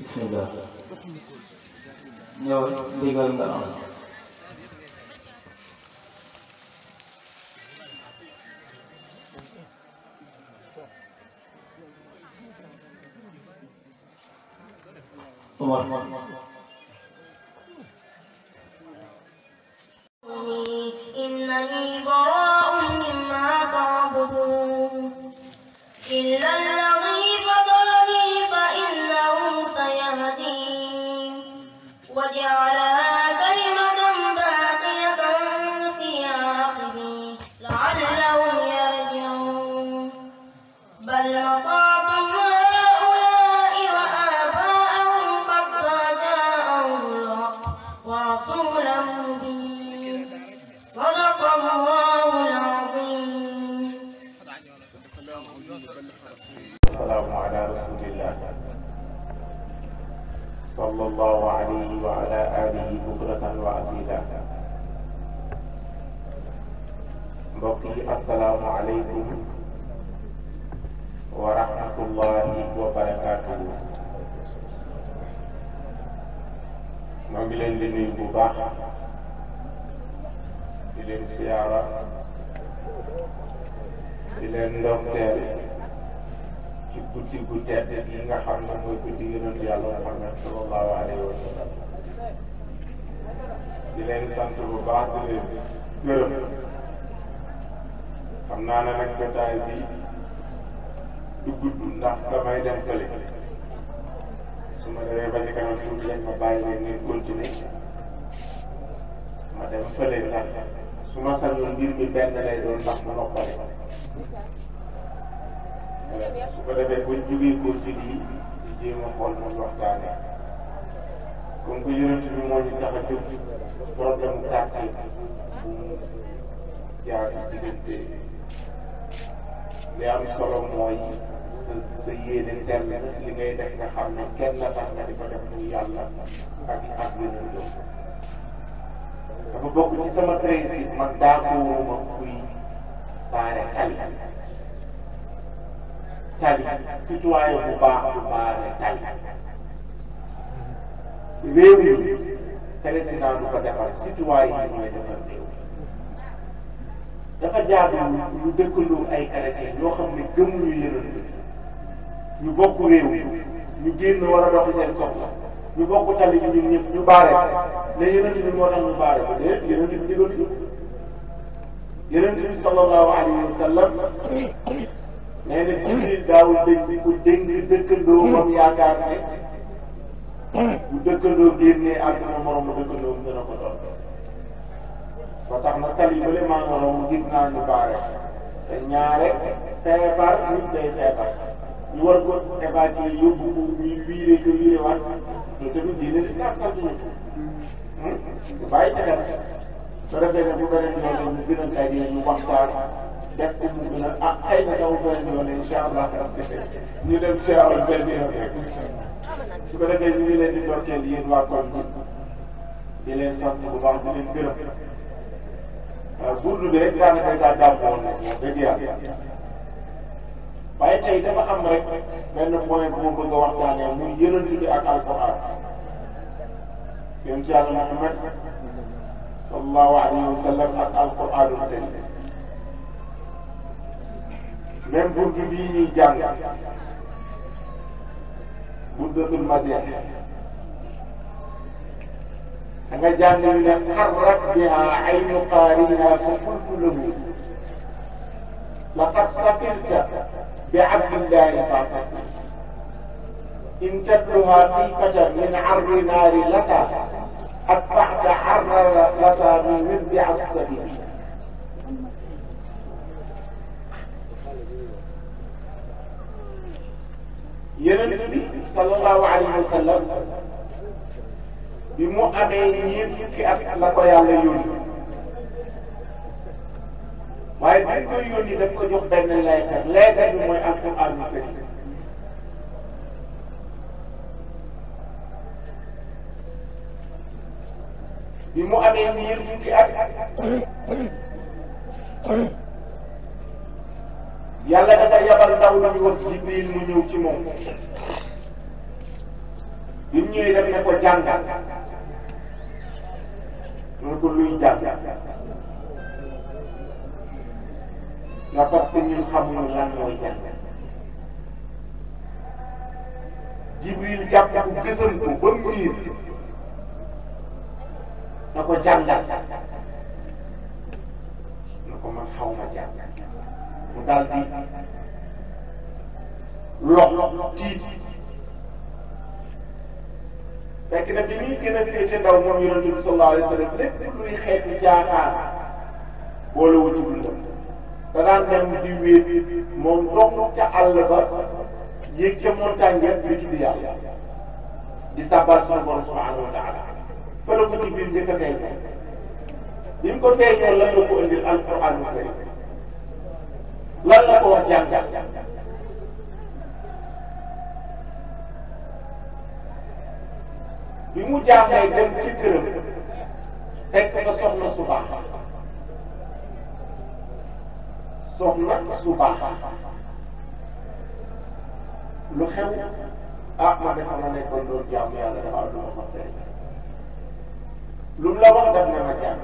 bismillah ñëw digal nga am Umar إنني براء مما تعبدون ñaanal nag jotaay bi du gudd ndax damay dem fële su ma demee ba ci kanam tuuti rek ma bàyyi leen ngeen continuer ma dem fële ndax su ma sañoon mbir mi benn lay doon ndax ma noppale su ko defee buñ jugee ko ci lii di jéem a xool moom waxtaane comme que yonent bi moo ñu tax a jóg problème quartier bu mu jaar ci diggante li am solo mooy sa sa yéene sell li ngay def nga xam ne kenn la tax nga di ko def muy yàlla ak ak yeneen yoon dafa bokk ci sama principe man daakoowuma kuy baare tali tali citoyen bu baax bu baare tali réew yi président du ko defar citoyen yi mooy defar dafa jaar ñu dëkkandoo ay chrétien ñoo xam ne gëmuñu yonent bi ñu bokk réew ñu génn war a doxi seen soxla ñu bokk tali bi ñun ñu baare ne yonent bi moo tax ñu baare ko déet yonent bi digalu ñu yonent bi sallallahu alayhi wa sallam nee na Jibril daawul dégg ku dénk dëkkandoo moom yaakaar ne bu dëkkandoo génnee àdduna morom bu ba tax na tali bële maa ngi woon gis naa ñu baare te ñaare feebar nit day feebar ñu war ko évacuer yóbbu ko ñu wiire ko wiire waat loolu tamit dina des na ak sant ñu ko. Hmm? bàyyi ca xel su defee ne bu beneen yoon ñu gën a dajee ñu waxtaan def ko mu gën a e ah, ay na sax bu beneen yoon incha allah ñu dem si awal benn yoon rek su ko defee ñu ngi leen di ndokkeel yéen waa kon bi di leen sant bu baax di leen gërëm. burdu bi rek daanaka daa jàpp woon wax dëgg yàlla waaye tey dama am rek benn point bu ma bëgg a waxtaanee muy yonent bi ak alquran yonent yàlla Muhammad sallallahu alayhi wa sallam ak alquranul karim même burdu bii ñuy jàng burdatul madian danga jàng ñu ne qarrat biha aynu qaariha fa qultu lahu laqad safirta bi abdillahi faqasna in tabluha tifatan min ardi naari lasa atba'ta arra lasa min wirdi assabil yonent bi sallallahu alayhi wa sallam bi mu amee ñeent fukki at la ko yàlla yónni waaye bi ñu koy yónni daf ko jox benn leetar leetar bi mooy alquranul karim bi mu amee ñeent fukki at yàlla dafa yabal ndaw la ñu wax jibril mu ñëw ci moom. bi mu ñëwee daf ne ko jàngal mu ne ko luy jàng nga parce que ñun xamuñu lan mooy jàng jibril jàpp ko gësam ko ba mu miir na ko jàngal na ko man xaw ma jàng mu daal di lox fekk na bi muy gën a féete ndaw moom yonent bi sallallahu alayhi wa sallam lépp luy xeetu jaaxaar boole wu ci dundam da daan dem di wéet moom dong ca àll ba yéeg ca montagne ya di tudd yàlla di sàbbal sunu borom subhanahu wa taala fa la ko Jibril njëkk a feeñoo bi mu ko feeñoo lan la ko indil alquranu karim lan la ko wax jàng bi mu jaaxlee dem ci këram fekk fa soxna su baax soxna su baax lu xew ah ma ne xam na nekkoon doon jaamu yàlla dafa am lu ma lu mu la wax na ma jàng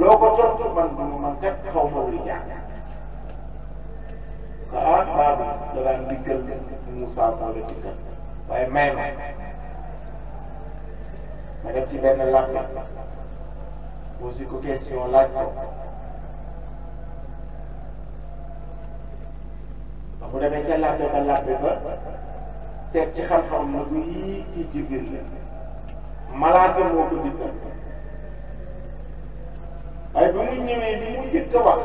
loo ko tontu man du man kat xaw ma wuy jàng ah Babou da daan diggal Moussa moo la diggal waaye may may ma def ci benn laajte posé ko question laaj ko ba mu demee ca laajte ba laajte ba seet ci xam-xam na ko yii kii Jibril la malaaka moo ko dikkal waaye bi mu ñëwee li mu njëkk a wax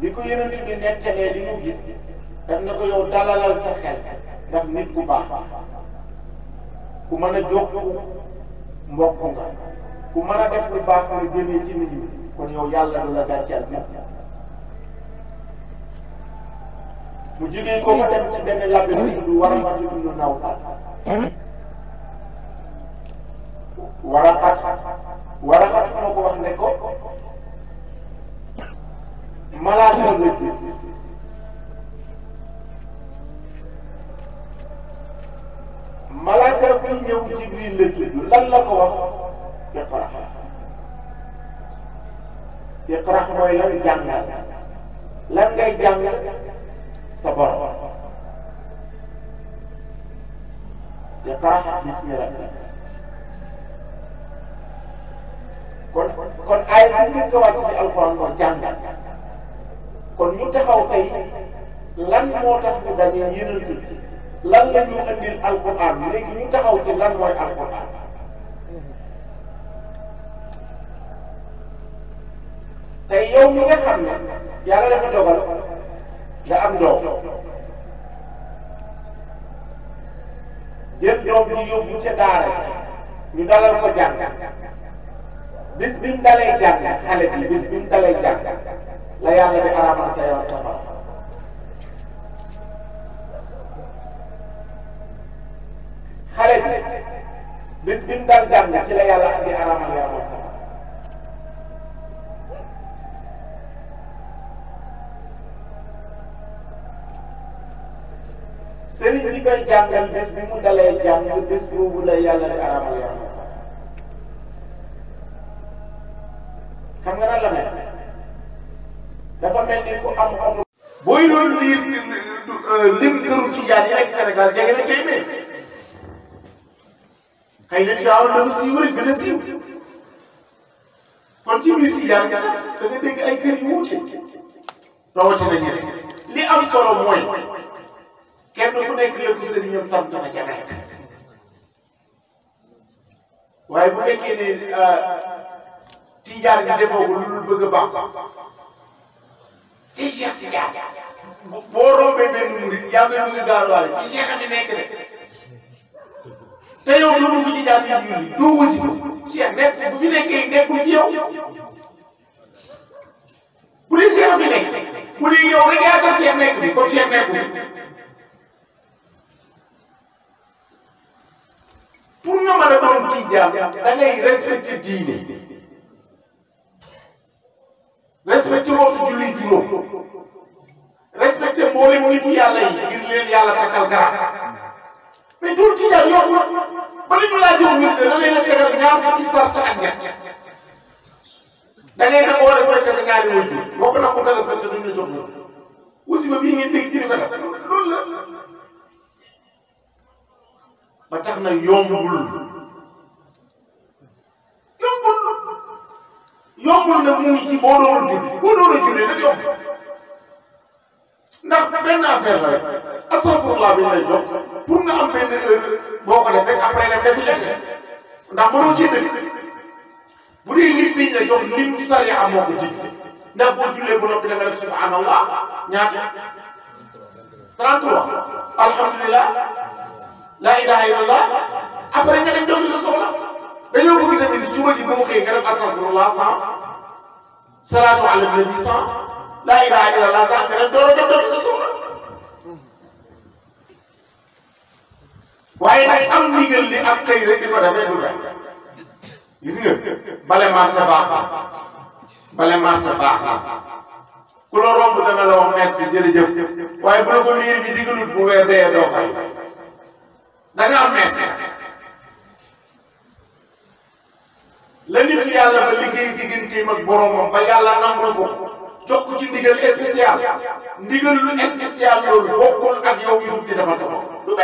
di ko yonent bi nettalee li mu gis daf na ko yow dalalal sa xel ndax nit ku baax ku mën a jox mbokk nga ku mën a def lu baax nga jëmee ci nit ñi kon yow yàlla du la gàcceel nag mu jigéen ko ma dem ci benn labbi bu tudd Waraqatu ibnu Nawfal Waraqat Waraqat moo ko wax ne ko malaaka bi ñëw Jibril la tudd lan la ko wax iqra iqra mooy lan jàngal lan ngay jàng sa borom iqra bismi rabbik kon kon ay bu njëkk a wàcc ci alxuraan mooy jàngal kon ñu taxaw tey lan moo tax ñu daje yeneen lan la ñu andil alquran léegi ñu taxaw ci lan mooy alquran tey yow mi nga xam ne yàlla dafa dogal nga am doom jël doom bi yóbbu ca daara ñu dalal ko jàng bis biñ dalay jàng xale bi bis biñ dalay jàng la yàlla di xale bi bis bi mu daan jàng ci la yàlla andi araamal yaramoon sama sëriñ bi koy jàngal bés bi mu dalee jàng bés boobu la yàlla di araamal yaramoon sama xam nga nan la mel dafa mel ni ku am oto booy loolu lim këru Tijaan yi nekk Sénégal jege na téeméer xëy na Tiwaawan dana siiw rek gën a siiw kon ci biir Tijaan da nga dégg ay kër yu wuute rawatina ñi rek li am solo mooy kenn ku nekk lépp sëriñam sant na ca nekk waaye bu fekkee ne euh, Tijaan defoo ko lu bëgg a baax ci Cheikh Tijaan boo rombee benn murit yaa ngi bëgg a gaarawaale fii Cheikh te yow doo dugg ci jàpp ci julli doo wasi ko Cheikh nekk bu fi nekkee nekkul ci yow bu dee Cheikh bi nekk bu dee yow rek yaa tax Cheikh nekk bi kon Cheikh nekkul pour nga mën a doon kii jaam da ngay respecté diine respecté waxtu julli juróom respecté mboolem nit yàlla yi ngir leen yàlla mais tuur ci jaar yoon ba li ñu laa jëm ngir de da ngay la tegal ñaar fukki sart ak ñett da ngay nag war a respecté sa ñaari way jur boo ko nag ko respecté duñ la jox ñoom aussi ba bii ngeen dégg jëri ba tax na yombul yombul yombul nag mu ngi ci boo doon julli boo doon julli nag yomb benn affaire la rek astafurlah bi ñu lay jox pour nga am benn heure boo ko def rek après dem defi jafe ndax mënoo ci dëkk bu dee lim biñ la jox lim sariya moo ko jig ndax boo jullee ba noppi da nga def subhanallah ñaata 33 alhamdulilah la ilaha illallah après nga dem jox sa soxla dañoo bëgg tamit suba ji ba mu xëy nga def astafurlah 100 salaatu ala nabi 100 la ilaha illallah 100 nga def door a dem waaye am ndigal li ak xëy rek di ko defee du mel gis nga bale marché baax na bale marché baax na ku la romb dana la wax merci jërëjëf waaye bu la ko miir bi digalut bu weer dee doo fay da am merci la yàlla ba liggéey digganteem ak boromam ba yàlla nangul ko jox ci ndigal spécial ndigal lu spécial loolu bokkul ak yow yu di defal sa bopp du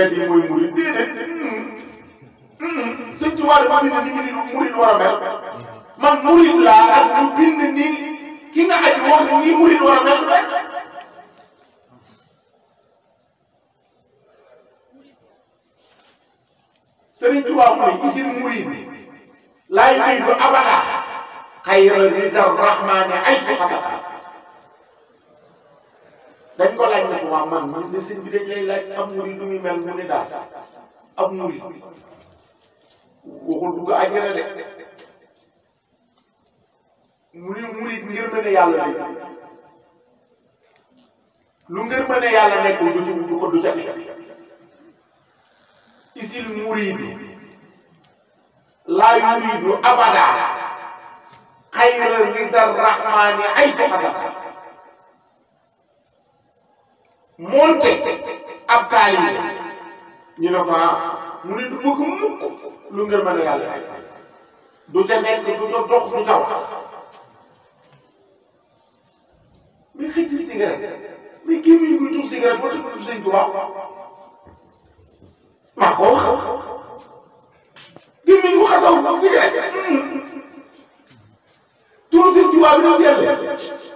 mbedd yi mooy murid déedéet hmm. hmm. sëñ Tuubaa dafa bind ni murid war a mel man murid laa ak ñu bind ni ki nga aj wax ni murid war a mel rek sëriñ Tuubaa mu ne isil murid laay may du abada xayra ridal rahmaani ay dañ ko laaj nag waa man man de sëñ bi dañ lay laaj muri lu muy mel mu ne daal am muri waxul dugg àjjana de muri muri ngir mën yàlla nekk lu ngir mën yàlla nekkul du du ko du jafe isil muriidu laa yuriidu abada xayra ridar rahmaani ay fexata moonte ab taalibe ñu ne ko ah, mu ne du bëgg mukk lu ngeen mën a yàlla du ca nekk du ca dox du ca wax muy xëccil cigarette mais kii muy kuy tuur cigarette wala ko du sëñ Tuubaa maa ko wax gémmiñ bu xasaw cigarette hmm. tuur sëñ Tuubaa bi na seetle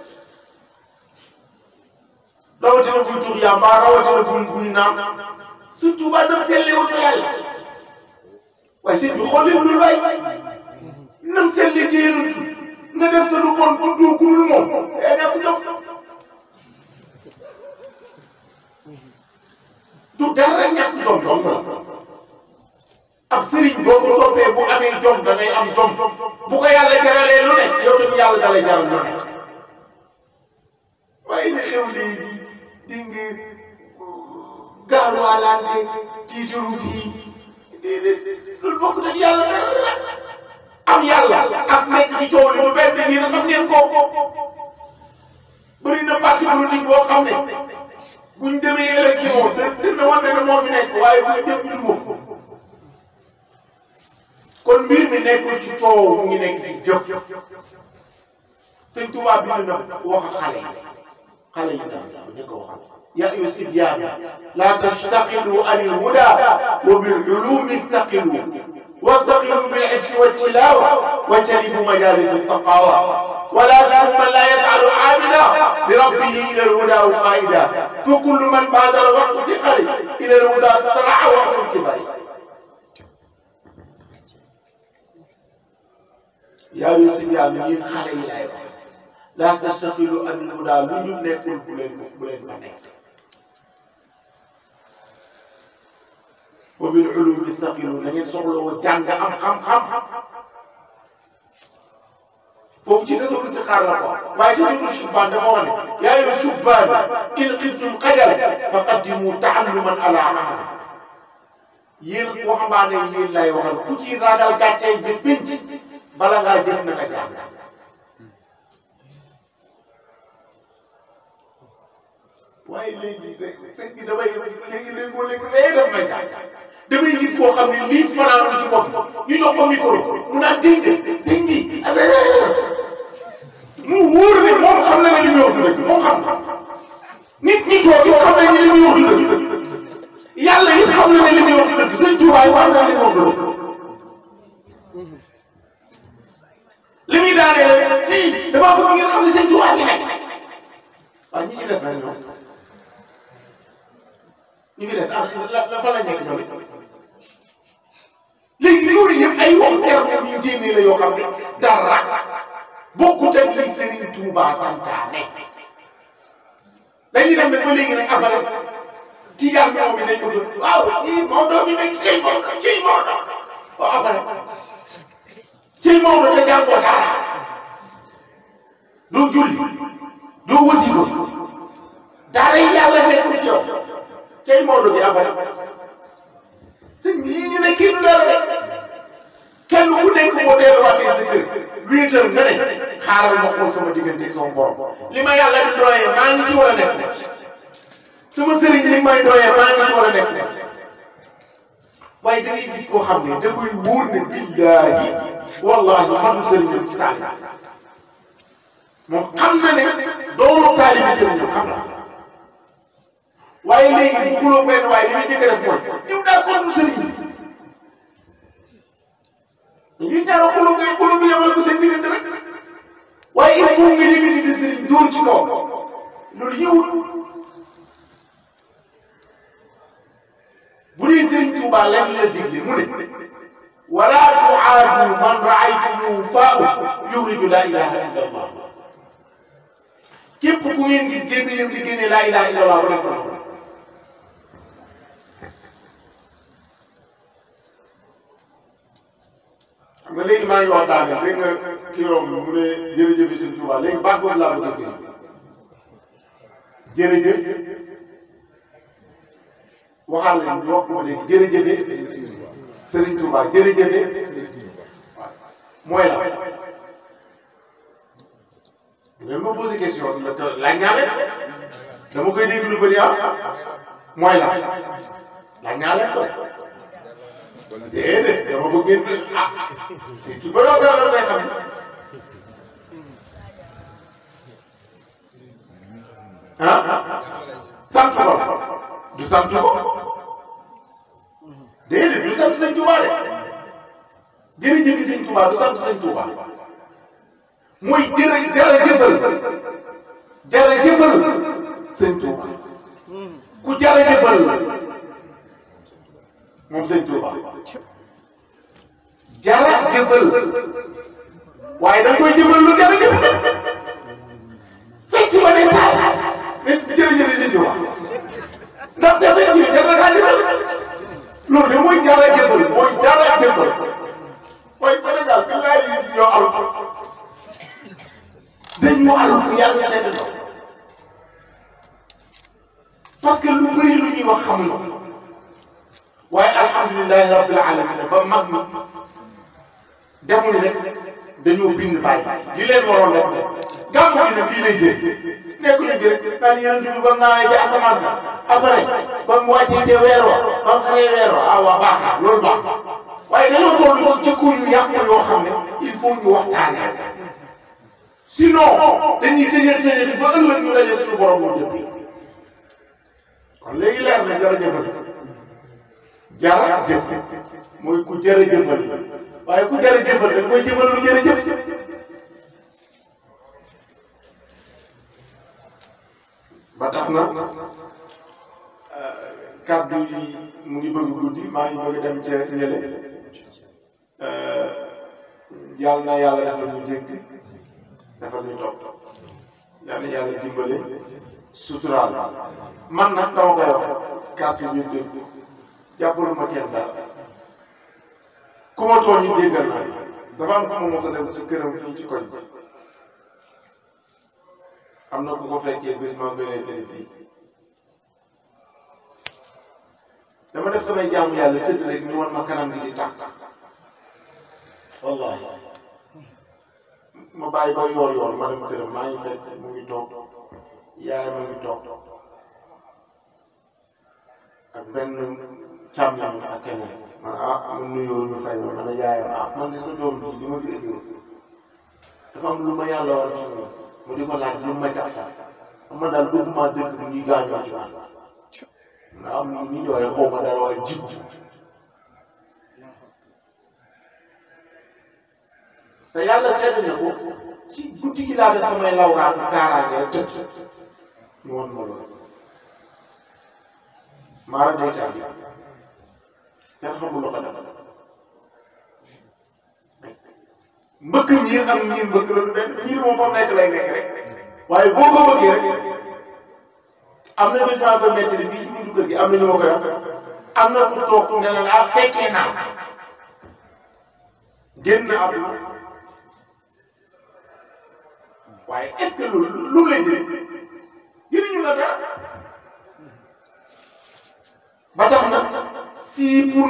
rawatina buy tuux yàmba rawatina buy buy naan surtout ba nam seen léew ci yàlla waaye seen bi xool leen dul waay nam seen li ci nga def sa lu bon tuddoo ku dul moom eh, day nekk jom du dara ñàkk jom jom ab sëriñ boo ko toppee bu amee jom da ngay am jom bu ko yàlla jaralee lu ne yow tamit yàlla da jaral lu laalaante tiitaru fii déedéet loolu bokkut ak yàlla dara am yàlla ak nekk ci coow li benn yéen a xam ngeen ko bëri na parti politique boo xam ne buñ demee élection dina wan ne ne moo fi nekk waaye bu ñu kon mbir mi nekkul ci coow ngi nekk ci jëf sëñ tubaab bi dina wax a xale xale yi daal daal ña ko يأي الصبيان لا تشتقلوا عن الهدى وبالعلوم استقلوا وانتقلوا بالعفش والتلاوة واجتنبوا مجالس الثقاوة ولا ذنب من لا يفعل عاملا لربه إلى الهدى وفائدة فكل من بادر وقت ثقل إلى الهدى سرع وقت الكبر يا يوسف يا مين خلي لا تشتقلوا عن الهدى لن يكون بلين بلين بلين wa bil ulum istaqilu na ngeen soxlawoo jàng am xam-xam foofu ci réseau listixaar la ko waaye réseau subbaan dafa wane yaa ayyuha subbaan in xiftum xajal faqaddimu taalluman ala amal yéen waxambaane yéen lay waxal ku ci ragal gàccay jëf penc bala ngaa jëf na nga jàng waaye léegi fekk gi damay léegi koo xam ne lii faraaru ci bopp ñu jox ko micro mu naan dégg mu wóor ne moom xam na ne li muy wax dëgg moom xam nit ñi toog it xam nañ li muy wax dëgg yàlla it xam na ne li muy wax dëgg sëñ Tuubaa wax na li muy wax dëgg li muy daanee fii damaa bëgg ngeen xam ne sëñ Tuubaa fi nekk waaw ñi ci def rek ñoom ñu ngi def ah la la fa la nekk ñoom léegi yooyu yëpp ay wax terme la yoo xam dara bokkut ak li Sëriñ Tuubaa santaane dañuy dem ba léegi nag abara tijaan ñoom bi dañ ko dund waaw kii Maodo mi nekk cëy Maodo cëy Maodo waaw abara cëy Maodo da jàngoo dara doo julli doo wasifa dara yàlla nekkul ci yow cay Maodo gi après sëñ bi yii ñu ne kii du dara de kenn ku nekk boo delluwaatee sa kër huit heures ma xool sama diggante sama li ma yàlla di doyee maa ngi ci war a nekk sama sëriñ li may doyee maa ngi ci war a nekk waaye da ne da koy wóor ne billaahi wallaahi matu sëriñam ci taalibe moom xam na ne doomu taalibe sëriñam xam na waaye léegi bu xuloo benn waaye li muy njëkk a def mooy diw daa ko mu sëriñ yi dara xuloo ngay xuloo bi yemale ko seen diggante rek waaye il faut nga yëg di sëriñ dóor ci kaw loolu yiwul bu dee sëriñ Tuubaa lenn la digle mu ne wala tuaadu man raaytumu faaw yuridu laa ilaha illa allah képp ku ngeen gis génn yéen di génne laa ilaha illa allah nga léegi maa ngi waxtaan rek nga kii romb mu ne jërëjëf sëñ Tuubaa léegi baat boobu laa bëgg a firi jërëjëf waxal leen wax ma léegi jërëjëf sëriñ Tuubaa jërëjëf mooy la même ma posé question si la laaj naa leen dama koy dégg lu bëri ah mooy la laaj naa leen ko déedéet dama bëgg ngeen jël ah nit ki baloo gàllankoor ngay xam ah sant ko du sant ko déedéet du sant sëñ Tuuba de jërëjëf sëñ Tuuba du sant sëñ Tuuba muy jërë jërëjëfal jërëjëfal sëñ Tuuba ku jërëjëfal moom sëñ Touba jara jëfal waaye da nga koy jëfal lu jar a jëf fecc ba day saal ne jërëjëf sëñ Touba ndax te fecc bi jar na kaa jëfal loolu de mooy jara jëfal mooy jara jëfal mooy Sénégal bi laay ñoo am dañ mu àll yàlla seen parce que lu bëri lu ñuy wax xam nga alhamdulilahi rabbil alamin ba mag ma demuñu rek dañoo bind bàyyi li leen waroon def gàmmu gi nag lii lay jëriñ nekkuñu fi naan yéen ñu ba naawee ci asamaan ka après ba mu wàccee ca weer wa ba mu xaree weer ah baax loolu baax waaye dañoo toll ko jëkkuw yu yàqu yoo xam ne il faut ñu waxtaanee sinon dañuy tëjee tëjee ba ëllëg ñu daje suñu borom moo jëpp kon leer na jërëjëfal jaar jëf mooy ku jërëjëfal waaye ku jërëjëfal da mooy jëfal lu jërëjëf ba tax na euh, kàddu yi mu ngi bëgg guddi maa ngi bëgg dem ca ñële euh, yàlla na yàlla defal ñu dégg defal ñu topp yàlla na yàlla dimbale suturaal man nag dama koy wax kàddu yi jàppaloo ma kenn dara ku ma tooñ ñu jéggal dafa am ku ma mos dem ci këram fii ci koñ am na ku ko fekkee bés maa ngi koy nekkee fii dama ma kanam gi di tàkk wallaahi ma bàyyi ba yoor yoor ma dem këram maa ngi fekk mu ngi toog yaay mu ngi toog ak benn. càmmoñ ak keneen man ah man nuyoo ñu fay ma man a yaayam ah man de sa doom bi li ma fi indi dafa am lu ma yàlla war ci mu di ko laaj lu ma jàpp man daal bëgguma dëkk bu ñuy gaañoo ci man ndax am ñu ñu waaye xaw ma dara waaye jib te yàlla seetlu na ko ci guddi gi laa def samay lawraatu kaaraange tëdd ñu woon ma loolu maa rajo kenn xamul lu mbëkk ñiir ak ñiir mbëkk la moom fa nekk lay nekk rek waaye boo ko bëggee am na bés maa ko métti fii ci biir kër gi am na ñu ma koy am na ku toog ne la laa ah, fekkee naa génn ab waaye est ce que loolu lu mu lay jëriñ jëriñu la dara ba tax nag. fii pour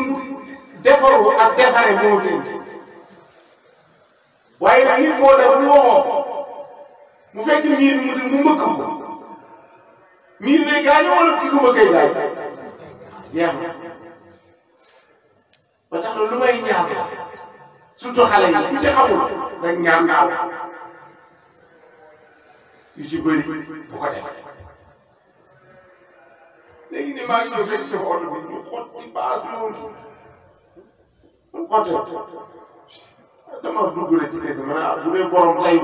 defaru ak defare moo fi waaye nag nit boo deful waxoo mu fekk miir mu mu mbëkk ko miir day gaañu wala kii ko mbëkkee gaañ jeex na ba tax lu may ñaan surtout xale yi ku ci xamul rek ñaan naaw yu bu ko def léegi ne maa ngi ñëw fekk sama oto bi ñu baas bi moom mu xote dama dugg rek ci kër gi ma ne ah bu dee borom tayu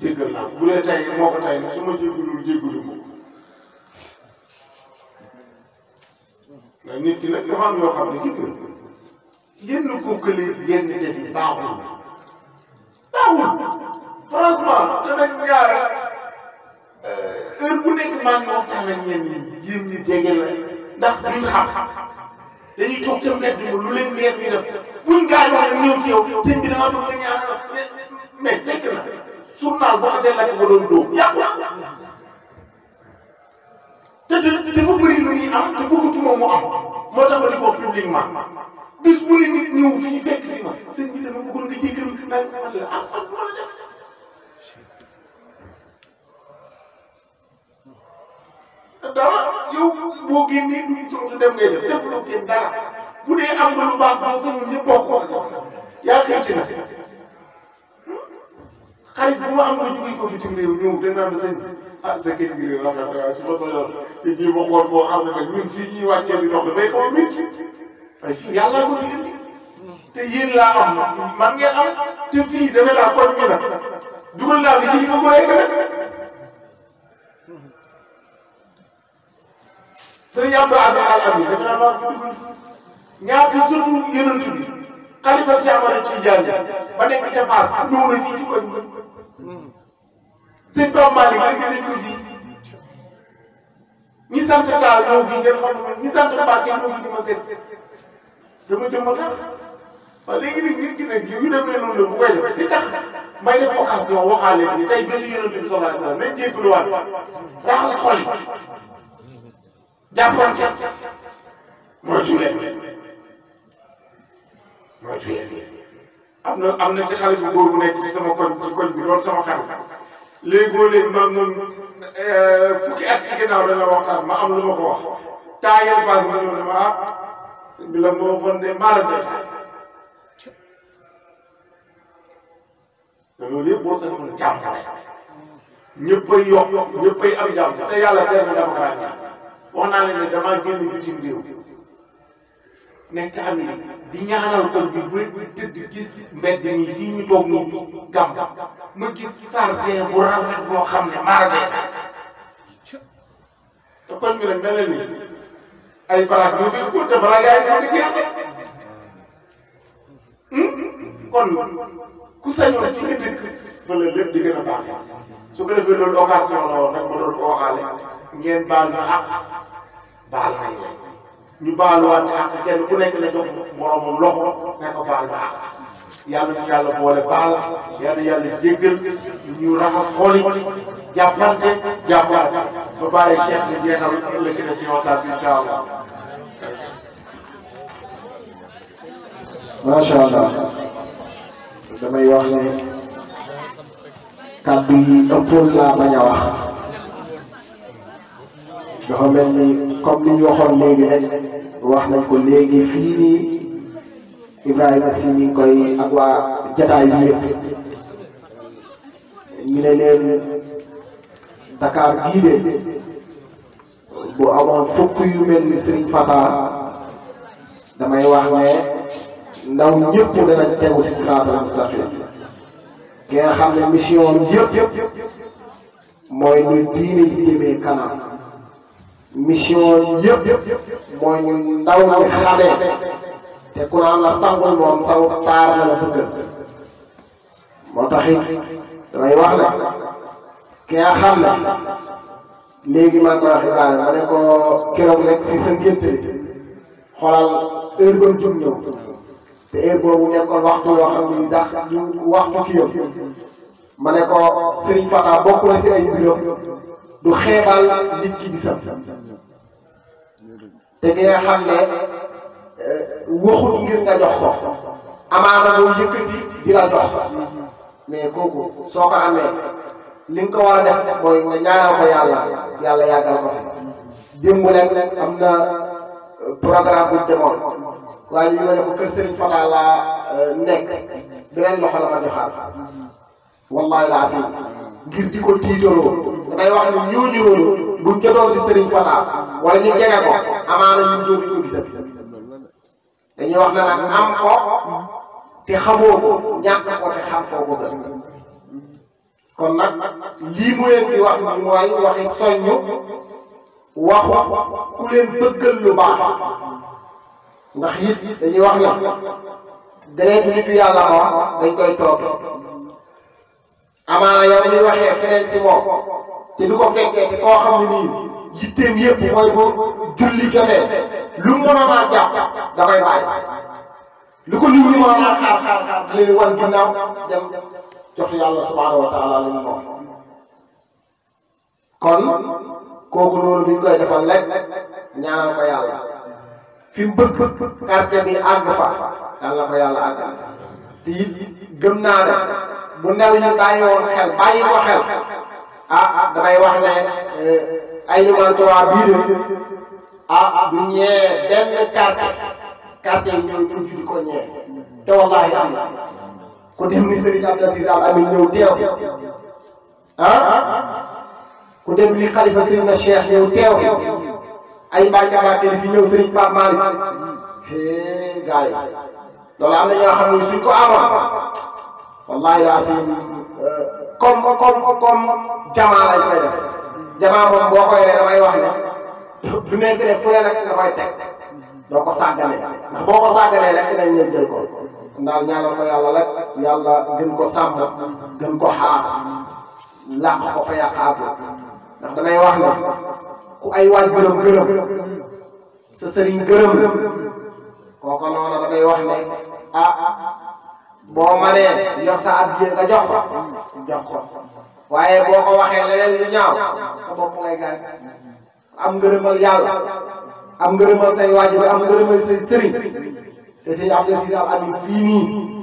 jéggal naa bu dee tay moo tay nag su ma jéggalul jéggalu moom nit ki nag dafa am yoo xam ne gis nga yenn kookale yenn def yi baaxul baaxul franchement te nag ñaara man maa tax na ñenn ñi jéem ñu jege la ndax duñ xam dañuy toog ca mbedd ma lu leen leer ñu def buñ gaañoo rek ñëw yow sëñ bi damaa doon nga ñaanal ne la nga doon dóom yàqu te te dafa bëri lu ñuy am te bëggatuma mu am moo tax ma di ko wax publiquement bis bu ne nit ñëw fii fekk fi ma sëñ bi dama bëggoon nga jéggal nag man la ah man ma dara yow boo génnee du ñu soog dem ngay def def lu génn dara bu dee am nga lu baax baax sëñ bi ñëpp bokk ko yaa xeeti na xarit bu ma am nga jógee ko bitim réew ñëw dañ naan sëñ ah sa kër gi réew rafet na su ma soxlaa te ji ma xool boo xam ne nag ñun fii ñuy wàccee bi ndox dafay xaw a métti waaye fii yàlla ko fi indi te yéen laa am man ngeen am te fii dafay laa kon ñu la dugal naa fi ci ñu ko rek sëriñ Abdou Addo Al Amin defe naa maa ngi dugg ñaata surtout yonent bi xalifa Cheikh Ahmad Tidiane ba nekk ca Fass ñëw na fii ci koñ bi. sëñ Pape ko fii ñi sant Taal ñëw fii ngeen xam ñi sant Mbacke ñëw fii ci ma seet sama jëmm tax waaw léegi nag nit ki nag yu demee noonu bu koy def li tax may def occasion waxaale bi tey bésu yonent bi sallallahu alayhi wa sallam nañ jégaluwaat raxas xol jàppante moytu leen moytu leen am na am na ci xale bu góor bu nekk sama koñ ci koñ bi doon sama xarit léegi boo léegi ma moom fukki at ci ginnaaw waxtaan ma am lu ma ko wax taayal baax ma ñëw ne ma ah sëñ bi la ne maa la détaay te loolu yëpp boo sañoon jàmm ñëppay yokk ñëppay am jàmm te yàlla fexe na dama ko wax naa leen ne damaa génn bitim réew nekk Amérique di ñaanal koñ bi bu bu tëdd gis mbedd nii fii ñu toog nii gàmm ma gis sardin bu rafet boo xam ne maarabet te koñ bi nag mel ni ay baraag ñoo fay ko te baraag yaay moo ngi jeex hmm? kon ku sañoon fi nga dëkk fa la lépp di gën a baax su ko defee loolu occasion la woon nag ma doon ko waxaale ñu baal nañ la ñu baaluwaat ñu ku nekk na jox moromam loxo ne ko baal ma àq yàlla ñu yàlla boole baal yàlla yàlla jéggal ñu raxas xool yi jàppante ba bàyyi cheikh bi jeexal ëllëg na ci waxtaan bi incha allah. macha damay wax ne. kàddu yi ëppoon laa bañ a wax dafa mel ni comme li ñu waxoon léegi rek wax nañ ko léegi fii nii Ibrahima si ñu koy ak waa jataay bi ñu ne leen Dakar gii de bu amoon fukk yu mel ni Serigne Fata damay wax ne ndaw ñëpp danañ tegu ci siraatal mustaqim ki xam ne mission bi yëpp mooy ñu diine ji jëmee kanam mission yëpp mooy ñu ndaw ñu xale te Quran la sangul moom saw taar la la bëggal moo taxit damay wax ne ki xam ne léegi maa ngi koy ma ne ko keroog si sa ngénte xoolal jum ñëw te heure boobu nekkoon waxtu yoo xam ni ndax ñu waxtu kii yam ma ne ko Serigne Fata bokk na ci ay mbiram du xeebal nit ki bisam te ki nga xam ne euh, waxul ngir nga jox ko amaana boo yëkkati di la jox mais kooku soo ko amee li ko war a def mooy nga ñaanal ko yàlla yàlla yàggal ko fi am na euh, programme bu demoon waaye ñu ma ne ko kër Serigne Fada laa euh, nekk beneen loxo la ma joxaat wallaahi laa si ngir di ko tiitooloo damay wax ni ñooñu loolu bu jotoon si Serigne Fada wala ñu jege ko amaana ñu dootu ko gisati dañuy wax ne nag am ko te xamoo ko ñàkk ko te xam koo ko gën kon nag lii mu leen di wax mooy waxi soññu wax ku leen bëggal lu baax. ndax it dañuy wax ne deret nitu yàlla moom dañ koy toog amaana yow ñuy waxee feneen si moom te du ko fekkee te koo xam ne nii yitteem yëpp mooy bu julli jotee lu mu a maa jàpp da koy jox yàlla subhaanahu wa mu moom kon kooku loolu duñ koy defal lekk ñaanal ko yàlla fi mu bëgg quartier bi àgg fa yàlla yàlla àggal te gëm naa bu ndaw ñu bàyyi woon xel bàyyi ko xel ah, ah damay wax ne eh, ay numantuwaa bii de ah du ñee benn quartier quartier yi ñëw ñëw judi ko ñee te wallahi am ku dem ni Serigne Abdou Aziz Al Amin ñëw teew ah, ah, ah ku dem ni xalifa Serigne na Cheikh ñëw teew ay Mbaye Diabaté fi ñëw Serigne Pape Malick hee gars loolu am na ñoo xam ne si ko amoon wallaahi yaa si comme comme comme jamaa lañ koy jamaa moom boo koy yoree damay wax ne du nekk ne fu ne rek teg doo ko sàggalee ndax boo ko sàggalee rek dinañ leen jël ko ndaal ñaanal ko yàlla rek yàlla gën ko sàmm gën ko xaar làq ko fa yàqaatu. ndax damay wax ne ku ay waajuram gërëm sa sëriñ gërëm kooku noonu damay wax ne ah boo manee yor sa addiya nga jox ko jox ko waaye boo ko waxee leneen lu ñaaw sa bopp ngay gaañ am ngërëmal yàlla am ngërëmal say waajur am ngërëmal say sëriñ te ci am na ci am amin fii nii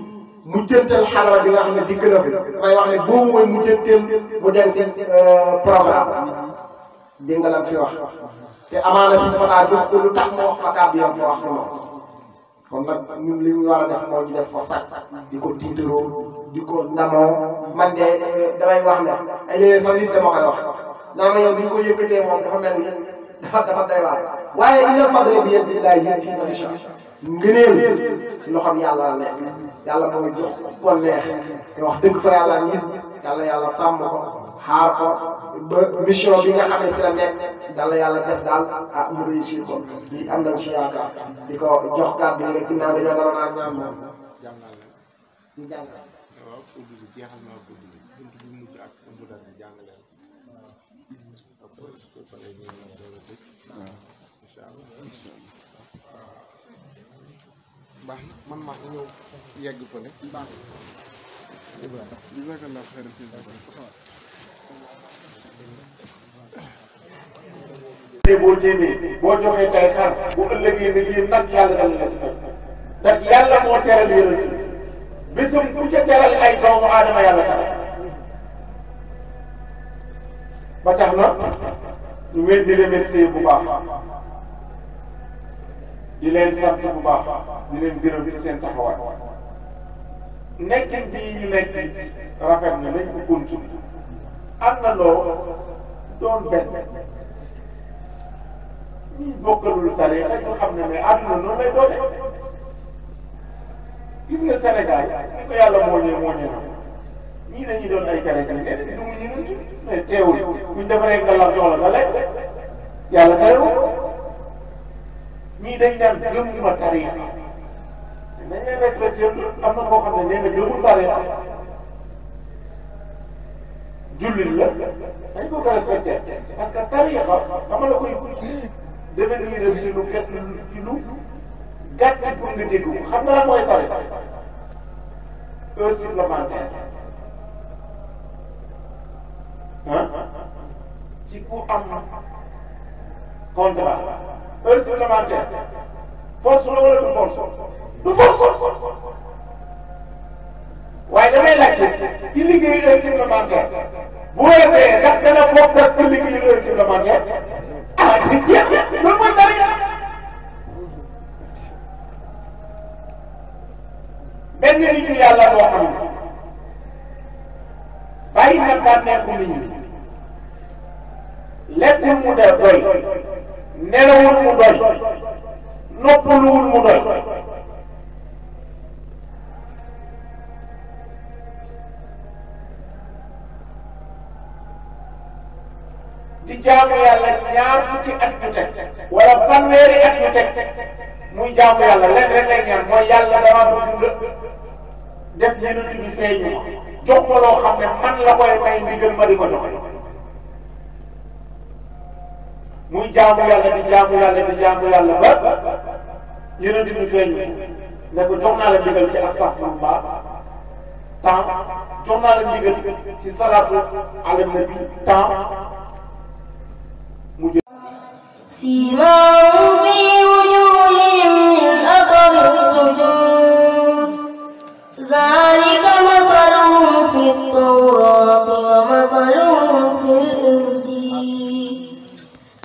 mujjantal xadara bi nga xam ne dikk na fi damay wax ne boobu mooy mujjantal bu dem seen euh, programme dégg la fi wax te amaana si Fapal jox ko lu tax mu wax Fapal di yam fa wax si moom kon nag ñun li ñu war a def mooy ñu def ko sax di ko de euh, damay wax ne ay léeg sax nit dama wax ndax ma yow ko yëkkatee moom dafa mel ni dafa dafa day waar waaye li nga fàttali bi yéen di daay yéen ngëneel ci loxoom yàlla la yàlla mooy jox ko neex te wax dëgg fa yàlla nit yàlla yàlla sàmm xaar ko ba bi nga xamee si la nekk yàlla def daal ah mu réussir ko lii am nañ si yaakaar di ko jox kàddu nga ginnaaw nga jàngaloon naa ñaan moom. waaw. baax na man maa ngi boo jéemee boo joxee tay xar bu ëllëgee ne lii nag yàlla dana la ci fekk. ndax yàlla moo teral yonent bi bésam ku ca teral ay doomu aadama yàlla tax ba tax na ñu wéy di remercier bu baax. di leen sant bu baax di leen gërëm ci seen taxawaay nekkin bii ñu nekk rafet na nañ ko continuer am na loo doon benn ñi bokkalul tariixa ñu xam ne mais àdduna noonu lay doole gis nga Sénégal ni ko yàlla mooñee mooñee na ñii dañuy doon ay chrétien mais dumu ñu nunti mais teewul buñ defaree nga la jox la nga lekk yàlla ñii dañ daan gëm ñu ma tariix dañ leen respecté am na koo xam ne nee na gëmul tariix jullit la dañ ko ko respecté parce que tariix dama la koy devenir ci lu gàtt ci lu gàtt pour nga déglu xam nga lan mooy tariix heure supplémentaire ah ci ku am contrat. heure supplémentaire force la wala du force du force waaye damay laajte ci liggéey heure supplémentaire bu weesee ndax dana bokk ak ci liggéey heure supplémentaire ah ci jeex loolu mooy tariqa benn nitu yàlla boo xam ne bàyyi na bànneexu nit ñi lekk mu dee doy nelawul mu doy noppaluwul mu doy di jaamu yàlla ñaar fukki at ñu teg wala fanweeri at ñu teg muy jaamu yàlla lenn rek lay ñaan mooy yàlla dama bëgg nga def yeneen bi feeñu jox xam ne man la koy may ndigal ma di ko joxe muy jaamu yàlla di jaamu yàlla di jaamu yàlla ba yonent bi feeñu ne ko jox naa la ndigal ci astaghfirullah temps jox naa la ndigal ci salaatu ala nabi temps mu jël سيماهم في وجوههم من أثر السجود ذلك مثلهم في التوراة ومثلهم في الإنجيل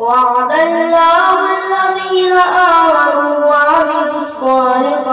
وعد الله الذين آمنوا وعملوا الصالحات